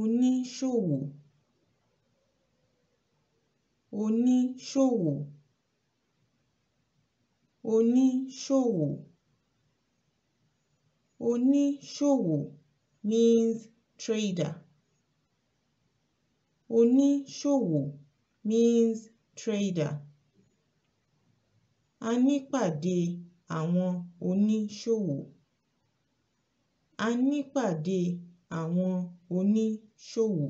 oníṣòwò oníṣòwò oníṣòwò oníṣòwò means trader oníṣòwò means trader a nípàdé àwọn oníṣòwò a nípàdé àwọn oníṣòwò.